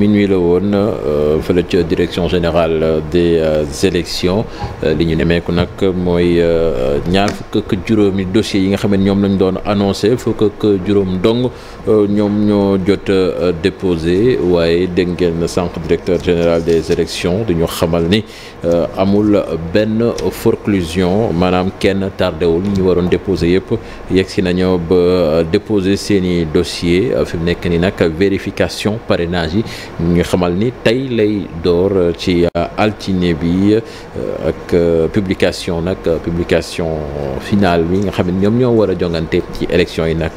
minuit la woon euh, fële ca direction générale des euh, élections euh, li ñu nemeeku nag mooy ñaar fukk ak juróomi dossiers yi nga xam ne ñoom lañu doon annoncé fukk ak juróom dong ñoom ñoo jot déposé waaye dégg ngeen sànq directeur général des élections di ñu xamal ni amul benn forclusion maanaam kenn tardewul ñu waroon déposé yëpp yegg si nañoo ba déposé seeni dossier fi mu nekk ni nag vérification parrainage yi nga xamal ni tey lay door euh, ci euh, altine bi euh, ak publication nag publication finale bi nga xam ne ñoom ñoo war a jongante ci élection yi nag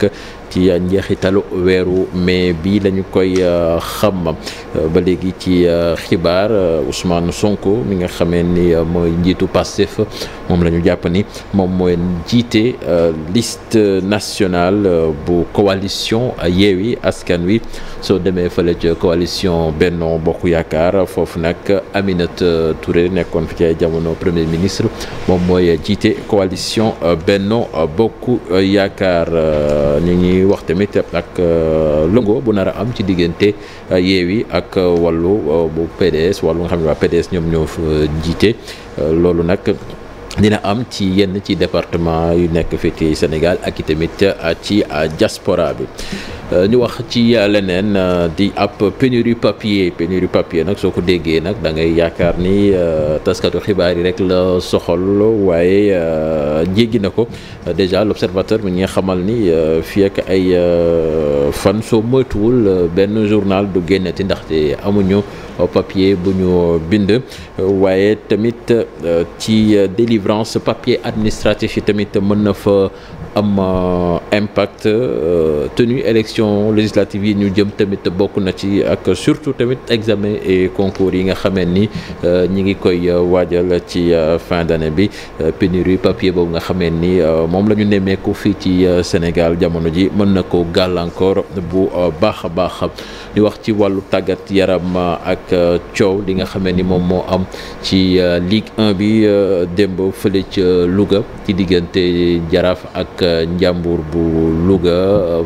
ci njeexitalu weeru mais bi lañu koy euh, xam euh, ba léegi ci euh, xibaar Ousmane Sonko mi nga xamee ni mooy njiitu Pastef moom la ñu jàpp ni moom mooy jiite liste nationale bu coalition Yewwi Askan Wi soo demee fële ca coalition Benno Bokk Yaakaar foofu nag Aminata Touré nekkoon fi ci jamono premier ministre moom mooy jiite coalition Benno Bokk Yaakaar ñu ngi wax tamit ak euh, lëngo bu nar a am ci diggante euh, Yewwi ak euh, wàllu bu PDS wàllu nga xam ne waa PDS ñoom ñoo fa jiite loolu nag dina am ci yenn ci département yu nekk fii ci Sénégal ak i tamit ci diaspora bi Euh, ñu wax ci euh, leneen euh, di ab pénurie papier pénurie papier nag soo ko déggee nag da ngay yaakaar ni taskatu xibaar yi rek la soxal waaye jéggi na ko déjà l'observateur mi ngi xamal ni fii ak ay fan soo moytuwul benn journal du génnati ndaxte amuñu papier bu ñu bind waaye tamit ci délivrance papier administratif yi tamit mën na fa am euh, impact euh, tenue élection législative yi ñu jëm tamit bokk na ci ak surtout tamit examen et concours yi nga xamee ni euh, ñi ngi koy waajal ci fin d'année bi pénurie papier boobu nga xamee ni moom la ñu nemmeeku fii ci Sénégal jamono ji mën na ko gàllankoor bu baax a baax di wax ci wàllu tàggat yaram ak coow li nga xamee ni moom moo am ci Ligue 1 bi démb fële ca Louga ci diggante Jaraaf ak njàmbur bu Louga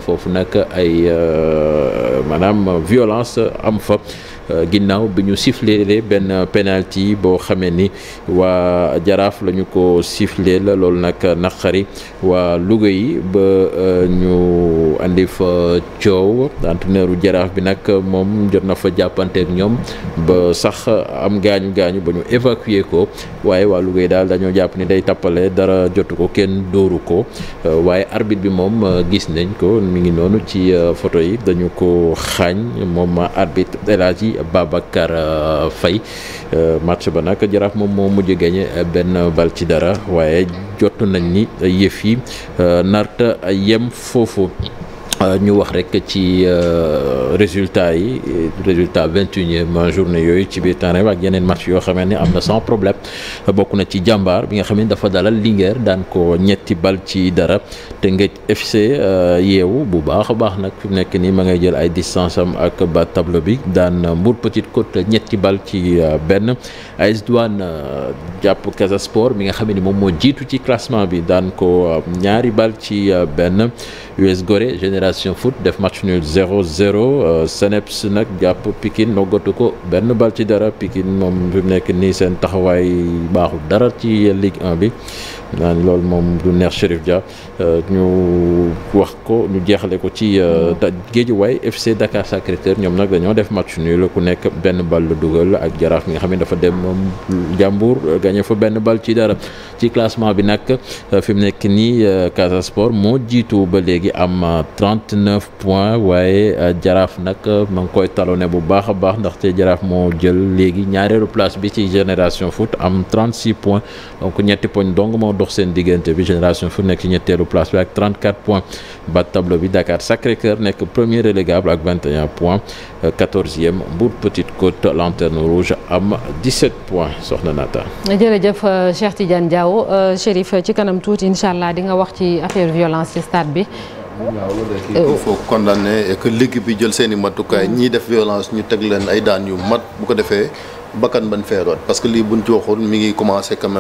foofu nag ay euh, maanaam violence am fa Euh, ginnaaw bi ñu sifflé benn penalty boo xamee ni waa jaraaf lañu ko sifflé loolu nag naqari waa Louga yi ba euh, ñu andi fa coow entraîneur jaraaf bi nag moom jot na fa jàppante ñoom ba sax am gaañu gaañu ba ñu évacuer ko waaye waa Louga yi daal dañoo jàpp ni day tappale dara jotu ko kenn dóoru ko euh, waaye arbitre bi moom gis nañ ko mi ngi noonu ci photo yi dañu ko xaañ moom arbitre El Hadji Babacar euh, Faye euh, match ba nag jaraaf moom moo mujj gañe euh, benn bal ci dara waaye jot nañ ni yëf yi narta yem foofu Euh, ñu wax rek ci euh, résultat yi résultat vingt unième journée yooyu ci biir terrain bi ak yeneen match yoo xamee ni am na sans problème bokk na ci jàmbaar bi nga xam ne dafa dalal Linguère daan ko ñetti bal ci dara te Teungueth FC euh, yeewu bu baax a baax nag fi mu nekk nii ma ngay jël ay distance am ak ba tableau bi daan Mbour Petite Côte ñetti bal ci benn AS Douane jàpp Casa Sport mi nga xam ne moom moo jiitu ci classement bi daan ko ñaari bal ci benn. US Gorée Génération Foot def match nul 0-0 euh, Seneps nag jàpp pikin noggatu ko benn bal ci dara pikin moom fi mu nekk ni seen taxawaay baaxul dara ci Ligue 1 bi naan loolu moom du neex Chérif Dia euh, ñu wax ko ñu jeexale ko ci euh, Guédiawaye FC Dakar Sacré-Cœur ñoom nag dañoo def match nul ku nekk benn bal la dugal ak jaraaf mi nga xam ne dafa dem jàmbur euh, gagné fa benn bal ci dara ci classement bi nag euh, fi mu nekk nii Casa Sport moo jiitu ba léegi am 39 points waaye jaraaf nag ma ngi koy ne bu baax a baax ndaxte jaraaf moo jël léegi ñaareelu place bi ci génération foot am 36 points donc ñetti poñ donc moo dox seen diggante bi génération foot nekk ñetteelu place bi ak 34 points. bat tableau bi Dakar Sacré-Cœur nekk premier relégable ak 21 points 14e Mbour Petite Côte lanterne rouge am 17 points soxna Nata. jërëjëf euh, Cheikh Tidiane Diaw euh, Chérif ci kanam tuuti incha allah di nga wax ci affaire violence ci stade bi. waaw il faut condamner et bi jël seen i matukaay ñiy def violence ñu teg leen ay daan yu mat bu ko defee. bakkan bañ fee root parce que lii buñ ci waxoon mi ngi commencé quand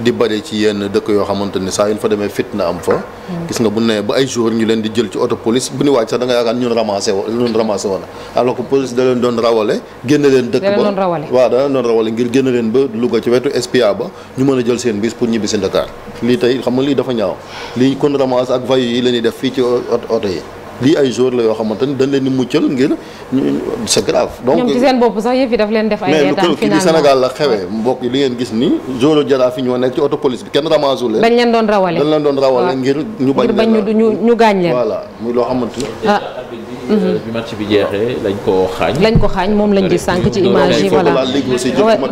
di bëri ci yenn dëkk yoo xamante ni saa yu ñu fa demee fitna am fa. Hmm. gis nga bu ne ba ay jours ñu leen di jël ci auto police bu ñu waaj sax da nga yaakaar ñun leen doon rawale. génn leen doon rawale ngir génn leen ba Louga ci wetu SPA ba ñu mën a jël seen bis pour ñibbi si Dakar lii tey xam lii dafa ñaaw lii kon ramasse ak vayu yi la def fii ci oto yi. lii ay jour la yoo xamante ni dañ leen di muccal ngir c'est grave. ñoom ci seen bopp sax yëf daf leen def ay reetaan finalement mais Sénégal la xewee mbokk li ngeen gis nii jouro jaraaf yi ñoo nekk ci auto police bi kenn ramasu leen. dañ leen doon rawale ngir. ñu bañ leen ñu ñu gaañ leen voilà muy loo xamante Euh, bi match bi lañ ko xaañ. lañ ko xaañ moom lañ gis sànq ci image yi voilà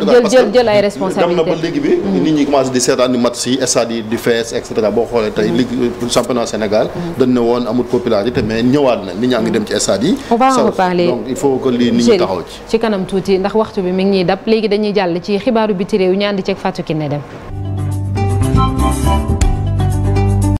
jël jël jël ay responsabilités dem na ba léegi mm-hmm. di fees et boo xoolee tey mm-hmm. ligue championnat Sénégal. Mm-hmm. dañ ne woon amul popularité mais ñëwaat na nit ñaa ngi dem ci stade yi. on va en reparler il faut que lii nit ñi taxaw ci. ci kanam tuuti ndax waxtu bi mi ngi ñuy dab léegi dañuy jàll ci xibaaru biti réew ñaan di ceeg Fatou Kiné dem